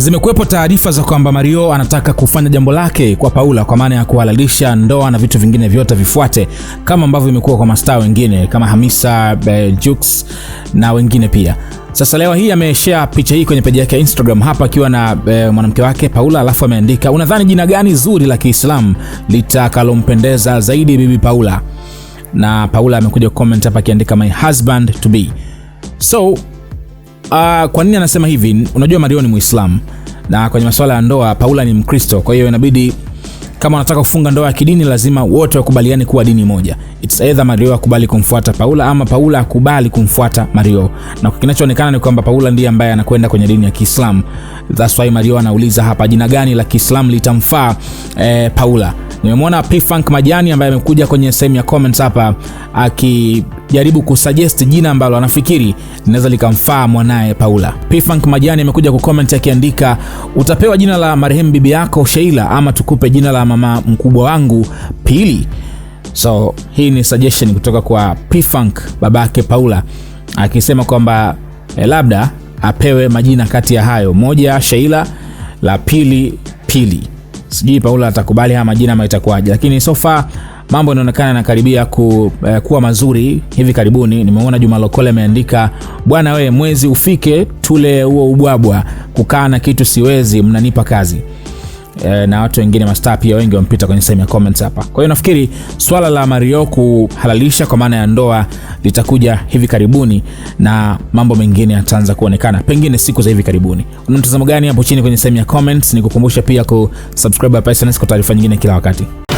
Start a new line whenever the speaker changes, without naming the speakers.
Zimekuwepo taarifa za kwamba Mario anataka kufanya jambo lake kwa Paula kwa maana ya kuhalalisha ndoa na vitu vingine vyote vifuate kama ambavyo imekuwa kwa mastaa wengine kama Hamisa eh, Jux na wengine pia. Sasa leo hii ameshare picha hii kwenye peji yake ya Instagram hapa akiwa na e, mwanamke wake Paula, alafu ameandika unadhani jina gani zuri la Kiislamu litakalompendeza zaidi bibi Paula? Na Paula amekuja comment hapa akiandika my husband to be. So uh, kwa nini anasema hivi? Unajua Mario ni muislam na kwenye masuala ya ndoa Paula ni Mkristo, kwa hiyo inabidi kama wanataka kufunga ndoa ya kidini lazima wote wakubaliane kuwa dini moja. It's either Mario akubali kumfuata Paula ama Paula akubali kumfuata Mario, na kinachoonekana ni kwamba Paula ndiye ambaye anakwenda kwenye dini ya Kiislamu. That's why Mario anauliza hapa jina gani la Kiislamu litamfaa eh, Paula. Nimemwona P-Funk Majani ambaye amekuja kwenye sehemu ya comments hapa akijaribu kusuggest jina ambalo anafikiri linaweza likamfaa mwanaye Paula. p Majani amekuja kucomment akiandika, utapewa jina la marehemu bibi yako Sheila ama tukupe jina la mama mkubwa wangu Pili. So hii ni suggestion kutoka kwa P-Funk babake Paula akisema kwamba eh, labda apewe majina kati ya hayo moja, Sheila la pili Pili. Sijui Paula atakubali haya majina ama itakuwaje, lakini so far mambo yanaonekana yanakaribia ku, eh, kuwa mazuri. Hivi karibuni nimeona Juma Lokole ameandika bwana, we mwezi ufike, tule huo ubwabwa, kukaa na kitu siwezi, mnanipa kazi. Eh, na watu wengine mastaa pia wengi wamepita kwenye sehemu ya comments hapa. Kwa hiyo nafikiri swala la Mario kuhalalisha kwa maana ya ndoa litakuja hivi karibuni na mambo mengine yataanza kuonekana pengine siku za hivi karibuni. Una mtazamo gani hapo chini kwenye sehemu ya comments? Nikukumbusha pia kusubscribe hapa SnS kwa taarifa nyingine kila wakati.